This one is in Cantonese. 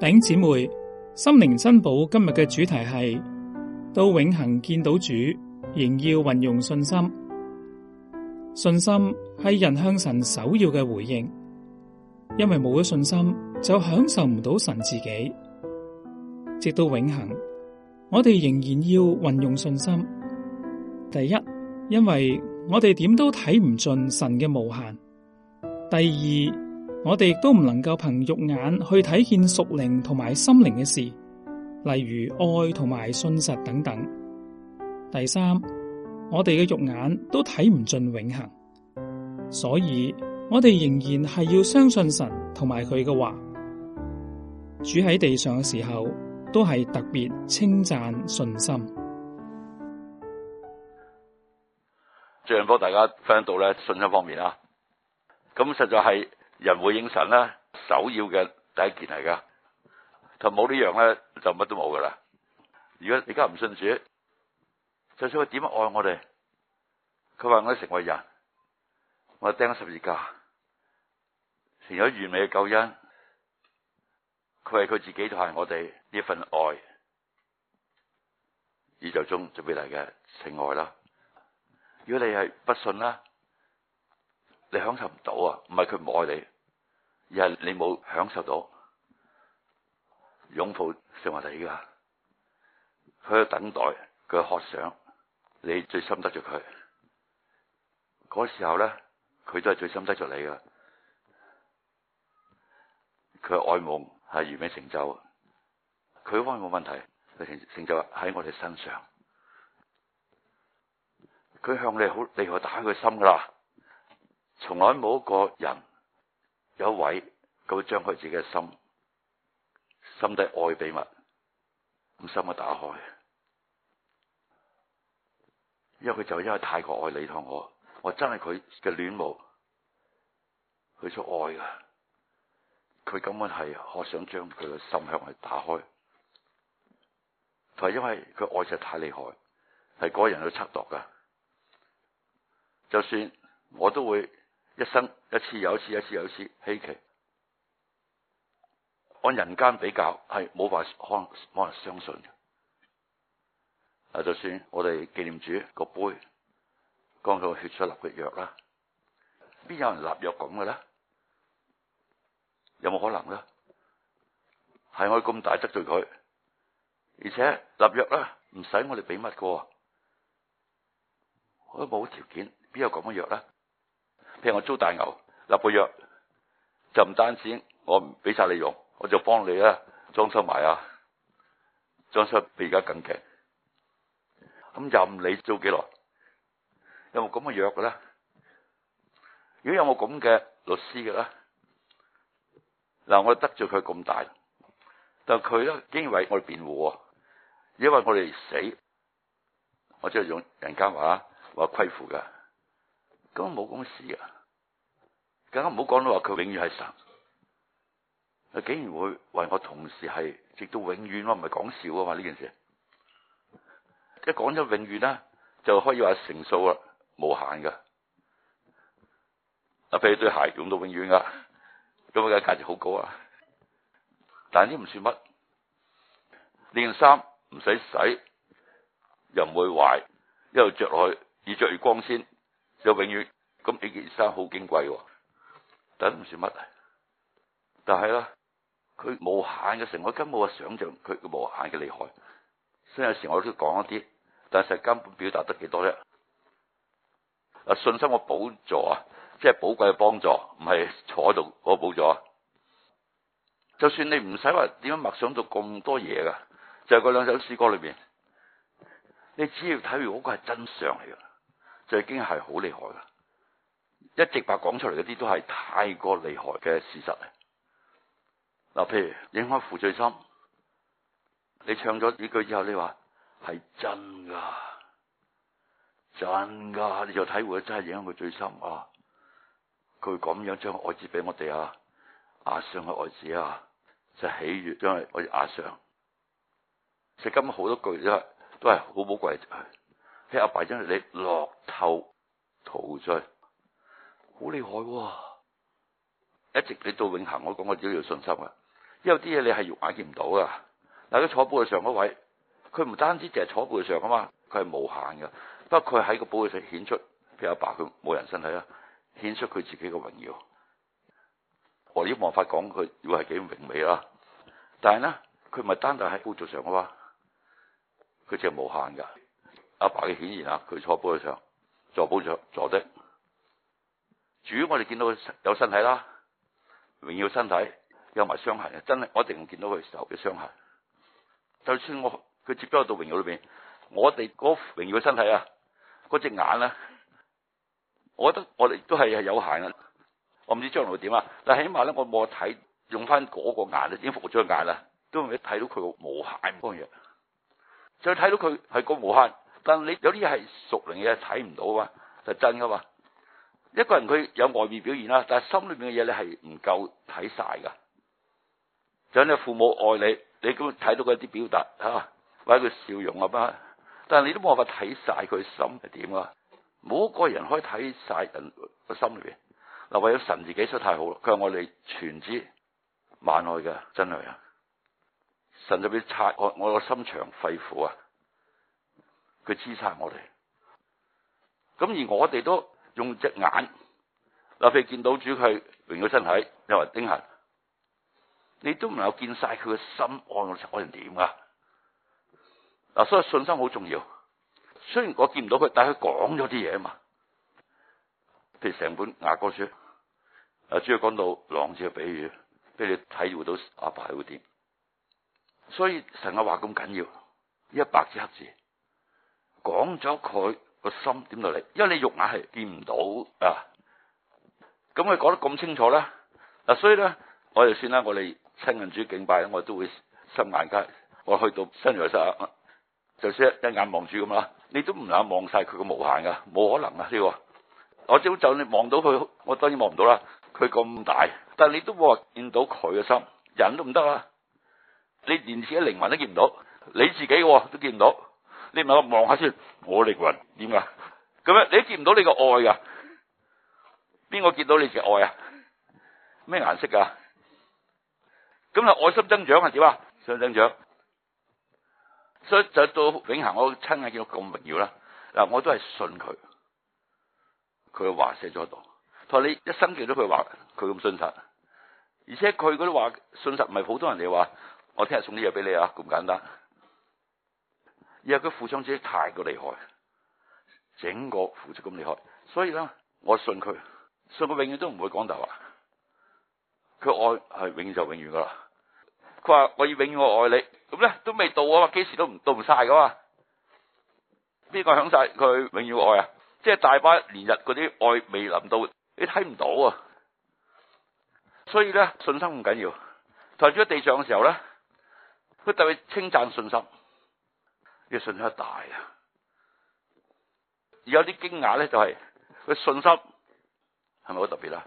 頂姊妹，心靈珍寶今日嘅主題係到永恆見到主，仍要運用信心。信心係人向神首要嘅回應，因為冇咗信心就享受唔到神自己。直到永恆，我哋仍然要運用信心。第一，因為我哋點都睇唔盡神嘅無限。第二。我哋都唔能夠憑肉眼去睇見屬靈同埋心靈嘅事，例如愛同埋信實等等。第三，我哋嘅肉眼都睇唔盡永恒，所以我哋仍然係要相信神同埋佢嘅話。主喺地上嘅時候，都係特別稱讚信心。最近幫大家分享到呢信心方面啦，咁實在係。人會應神啦，首要嘅第一件嚟噶，同冇呢樣咧，就乜都冇噶啦如果而家唔信主，就算佢點愛我哋，佢話我哋成為人，我釘咗十二架，成咗完美嘅救恩，佢係佢自己同埋我哋呢份愛，宇宙中最偉大嘅情愛啦。如果你係不信啦，你享受唔到啊。唔係佢唔愛你，而係你冇享受到擁抱成為你㗎，噶。佢喺等待，佢喺渴想，你最深得着佢，嗰時候咧，佢都係最深得着你噶。佢愛慕係完美成就，佢方面冇問題，成成就喺我哋身上。佢向你好厲害打開佢心噶啦。從來冇一個人有位，佢會將佢自己嘅心，心底愛秘密，咁心咪打開？因為佢就因為太過愛你，同我，我真係佢嘅戀慕，佢想愛噶佢根本係好想將佢嘅心向去打開，同埋因為佢愛實太厲害，係個人去測度噶就算我都會。一生一次又一次，一次又一次，希奇。按人間比較，係冇法可能冇人相信嘅。啊，就算我哋紀念主個杯，講到血出立嘅約啦，邊有人立約咁嘅咧？有冇可能咧？係我咁大得罪佢，而且立約咧，唔使我哋俾乜嘅，我都冇條件，邊有咁嘅約咧？譬如我租大牛立個約，就唔單止我俾晒你用，我就幫你裝修埋啊，裝修比而家更勁，咁任你租幾耐，有冇咁嘅約嘅咧？如果有冇咁嘅律師嘅咧？嗱，我哋得罪佢咁大，但佢咧竟然為我哋辯護，因為我哋死，我即係用人間話話規負㗎。都冇講事啊，更加唔好講到話佢永遠係神，啊竟然會為我同事係，直到永遠，我唔係講笑啊嘛！呢件事，一講咗永遠啦，就可以話成數啦，無限噶。啊，譬如對鞋用到永遠噶，咁佢嘅價值好高啊！但係呢唔算乜，呢件衫唔使洗，又唔會壞，一路着落去，越着越光鮮。就永遠咁，呢件衫好矜貴喎，但唔算乜，但係啦，佢無限嘅成愛根本我想象佢嘅無限嘅厲害，所以有時我都講一啲，但係根本表達得幾多啫？啊，信心我補助啊，即係寶貴嘅幫助，唔係坐喺度我補助啊。就算你唔使話點樣默想做咁多嘢㗎，就係嗰兩首詩歌裏面，你只要睇完嗰個係真相嚟就已經係好厲害噶，一直白講出嚟嗰啲都係太過厲害嘅事實嗱，譬如影響負罪心，你唱咗呢句之後，你話係真㗎，真㗎，你就體會真係影響佢罪心啊！佢咁樣將愛子俾我哋啊，阿尚嘅愛子啊，就喜悅因嚟我哋阿尚。聖經好多句都係都係好寶貴的。俾阿爸真係你落透逃醉，好厲害、啊，一直你到永恒，我講我都要有信心嘅，因為啲嘢你係肉眼見唔到噶。嗱，佢坐背上嗰位，佢唔單止就係坐背上啊嘛，佢係無限噶。不過佢喺個背上顯出俾阿爸佢冇人身體啦，顯出佢自己嘅榮耀。我哋冇法講佢會係幾榮美啦，但係呢，佢唔係單單喺寶座上啊嘛，佢就係無限噶。阿爸嘅顯現啊，佢坐寶嘅座，坐寶座坐的主，我哋見到佢有身體啦，榮耀身體，有埋傷痕嘅，真係我一定見到佢受嘅傷痕。就算我佢接咗到榮耀裏邊，我哋嗰榮耀嘅身體啊，嗰隻眼咧，我覺得我哋都係係有限嘅。我唔知將來會點啊，但起碼咧，我冇睇用翻嗰個眼啦，已經復咗個眼啦，都一睇到佢無限嗰樣，再睇到佢係個無限。但你有啲嘢係屬靈嘅嘢睇唔到啊嘛，就真噶嘛。一個人佢有外面表現啦，但係心裏邊嘅嘢你係唔夠睇晒噶。有啲父母愛你，你都睇到佢啲表達吓、啊，或者佢笑容啊，嘛。但係你都冇辦法睇晒佢心係點啊？冇一個人可以睇晒人個心裏邊。嗱，唯有神自己實在太好啦，佢係我哋全知萬愛噶，真係啊！神就俾察我我個心腸肺腑啊！佢支撐我哋，咁而我哋都用隻眼，嗱，譬如見到主佢變咗身體，又話丁下，你都唔能夠見晒佢嘅心暗我時候係點㗎？嗱，所以信心好重要。雖然我見唔到佢，但係佢講咗啲嘢啊嘛。譬如成本雅歌書，啊，主要講到狼字嘅比喻，俾你體會到阿爸，爸會點。所以成日話咁緊要，一百字黑字。講咗佢個心點嚟嚟，因為你肉眼係見唔到啊，咁佢講得咁清楚咧，嗱、啊、所以咧，我就算啦，我哋親近主敬拜咧，我都會心眼開，我去到新約室啊，就一一眼望住咁啦，你都唔可能望晒佢個無限噶，冇可能啊呢個，我即係就你望到佢，我當然望唔到啦，佢咁大，但係你都冇話見到佢嘅心，人都唔得啊，你連自己靈魂都見唔到，你自己都見唔到。啊.你咪望下先，我力人點啊？咁樣你見唔到你個愛噶？邊個見到你只愛啊？咩顏色噶？咁啊愛心增長係點啊？相增長，所以就到永恆，我親眼見到咁榮耀啦。嗱，我都係信佢，佢話寫咗度。同你一生記到佢話，佢咁信實，而且佢嗰啲話信實，唔係普通人哋話，我聽日送啲嘢俾你啊，咁簡單。而家佢負傷者太過厲害，整個副職咁厲害，所以咧，我信佢，信佢永遠都唔會講大話。佢愛係永遠就永遠噶啦。佢話我要永遠我愛你，咁咧都未到啊嘛，幾時都唔到唔曬噶嘛。邊個享晒佢永遠愛啊？即係大把連日嗰啲愛未臨到，你睇唔到啊。所以咧，信心唔緊要，抬住喺地上嘅時候咧，佢特別稱讚信心。要信,、就是、信心大啊！而有啲驚訝咧，就係個信心係咪好特別啊？